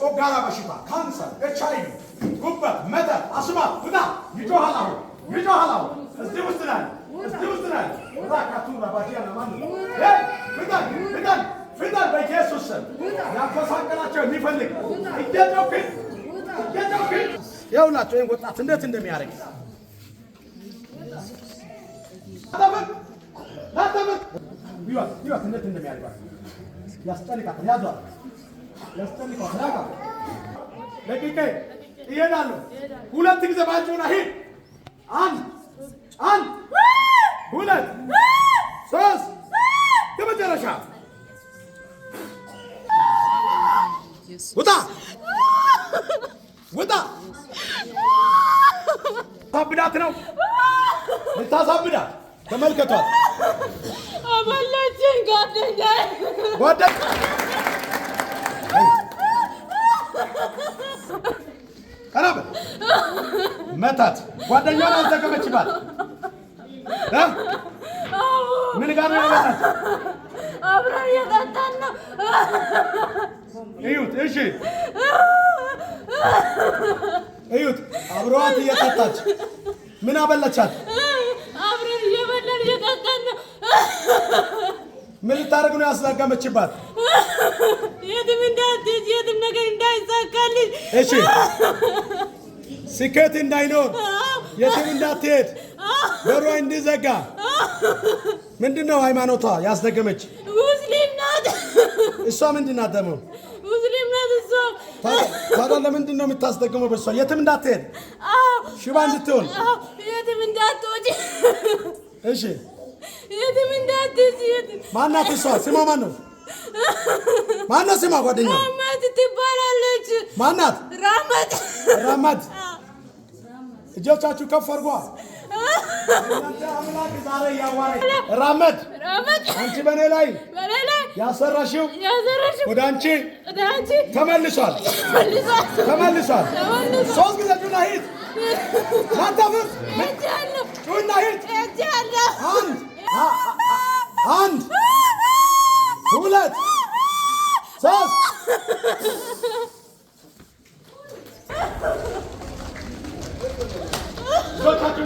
የጮጋራ በሽታ፣ ካንሰር፣ ኤች አይ ቪ፣ ጉበት፣ መተት፣ አስማት፣ ፍዳ ይጮሃል። አሁን ይጮሃል። አሁን እዚህ ውስጥ ናል እዚህ ውስጥ ናል ራካቱ ረባዲያ ለማን ፍጠን ፍጠን ፍጠን በኢየሱስ ስም ያፈሳቀላቸው የሚፈልግ እየጮክን እየጮክን ይኸውላቸው ይህን ወጣት እንዴት እንደሚያደርግ ያስጠልቃታል፣ ያዟል ለቅቄ እሄዳለሁ። ሁለት ጊዜ ባጭሆን አሂድ አንድ አንድ ሁለት ሶስት የመጨረሻ ውጣ ውጣ። ታብዳት ነው ልታሳብዳት። ተመልከቷት። አበላችን ጓደኛ መታት። ጓደኛዋን አዘገመችባት። ምን ጋር ነው መታት? አብረን እየጠጣን ነው። እዩት። እሺ እዩት። አብረዋት እየጠጣች ምን አበላቻት? አብረን እየበላን እየጠጣን ነው። ምን ልታደርግ ነው ያስላጋመችባት? የትም እንዳትሄጂ፣ የትም ነገር እንዳይሳካልሽ። እሺ ስኬት እንዳይኖር የትም እንዳትሄድ በሯ እንዲዘጋ ምንድን ነው ሃይማኖቷ ያስደገመች? ሙስሊም ናት። እሷ ምንድን ናት ደግሞ? ሙስሊም ናት እሷ። ታዲያ ለምንድን ነው የምታስደግመው? በእሷ የትም እንዳትሄድ ሽባ እንድትሆን የትም እንዳትወጪ። እሺ የትም እንዳትሄድ። ማናት እሷ? ስሟ ማን ነው? ማን ነው ስሟ? ጓደኛ ራመት ትባላለች። ማናት? ራመት ራመት እጆቻችሁ ከፍ አድርጓል። አምላክ ዛሬ ያዋረኝ ራመድ አንቺ በእኔ ላይ ያሰራሽው ወደ አንቺ ተመልሷል፣ ተመልሷል። ሶስት ጊዜ ጩና ሂድ ናታፍር ጩና ሂድ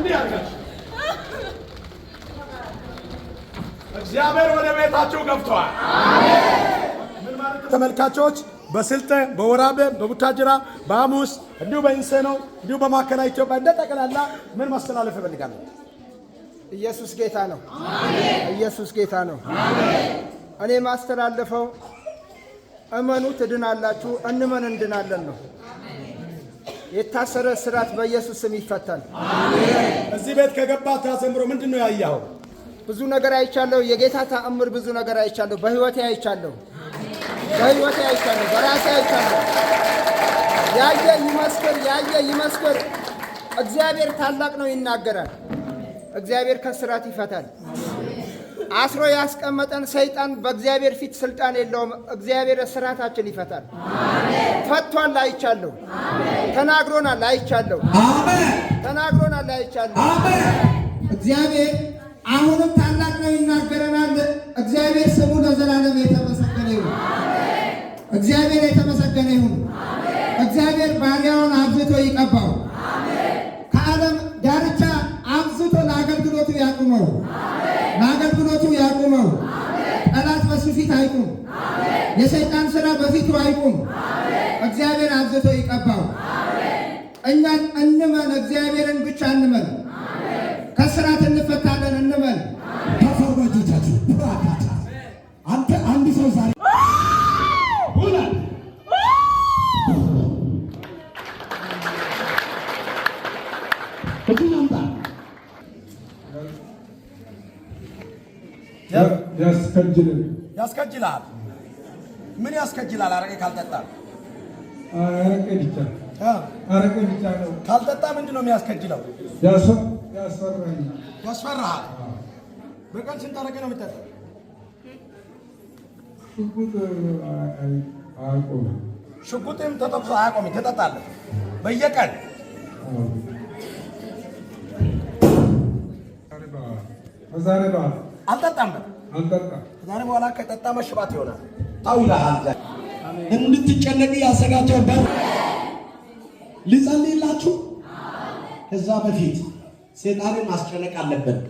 እንዲህ አድርጋችሁ እግዚአብሔር ወደ ቤታችሁ ገብቷል። ተመልካቾች በስልጠ በወራቤ በቡታጅራ በአሙስ እንዲሁ በኢንሴኖ እንዲሁ በማዕከላዊ ኢትዮጵያ እንደ ጠቅላላ ምን ማስተላለፍ እፈልጋለሁ? ኢየሱስ ጌታ ነው። ኢየሱስ ጌታ ነው። እኔ ማስተላለፈው እመኑ ትድናላችሁ፣ እንመን እንድናለን ነው። የታሰረ ስርዓት በኢየሱስ ስም ይፈታል። እዚህ ቤት ከገባ ታዘምሮ ምንድን ነው ያየኸው? ብዙ ነገር አይቻለሁ። የጌታ ተአምር ብዙ ነገር አይቻለሁ። በህይወቴ አይቻለሁ። በህይወቴ አይቻለሁ። በራሴ አይቻለሁ። ያየ ይመስክር፣ ያየ ይመስክር። እግዚአብሔር ታላቅ ነው ይናገራል። እግዚአብሔር ከስርዓት ይፈታል። አስሮ ያስቀመጠን ሰይጣን በእግዚአብሔር ፊት ስልጣን የለውም። እግዚአብሔር እስራታችን ይፈታል። ፈቷል። አይቻለሁ። ተናግሮናል። አይቻለሁ። ተናግሮናል። አይቻለሁ። እግዚአብሔር አሁንም ታላቅ ነው፣ ይናገረናል። እግዚአብሔር ስሙ ለዘላለም የተመሰገነ ይሁን። እግዚአብሔር የተመሰገነ ይሁን። እግዚአብሔር ባሪያውን አብዝቶ ይቀባው፣ ከዓለም ዳርቻ አብዝቶ ለአገልግሎቱ ያቁመው። ሕይወቱ ያቁመው። ጠላት በሱ ፊት አይቁም። የሰይጣን ሥራ በፊቱ አይቁም። እግዚአብሔር አብዝቶ ይቀባው። እኛን እንመን፣ እግዚአብሔርን ብቻ እንመን። ከስራት እንፈታ ያስከጅላል ምን ያስከጅላል? አረቄ ካልጠጣ አረቄ ብቻ አረቄ ብቻ ነው። ካልጠጣ ምንድን ነው የሚያስከጅለው? ያስፈራሃል። በቀን ስንት አረቄ ነው የምጠጣው? ሽጉጥ አያቆምም። ሽጉጥም ተጠብሶ አያቆምም። ትጠጣለህ በየቀን ዛሬ አልጠጣም ከዛሬ በኋላ ከጠጣ መሽባት ይሆናል። እንድትጨነቅ ያሰጋቸው በር ልጸልይላችሁ። ከዛ በፊት ሴጣንን ማስጨነቅ አለብን።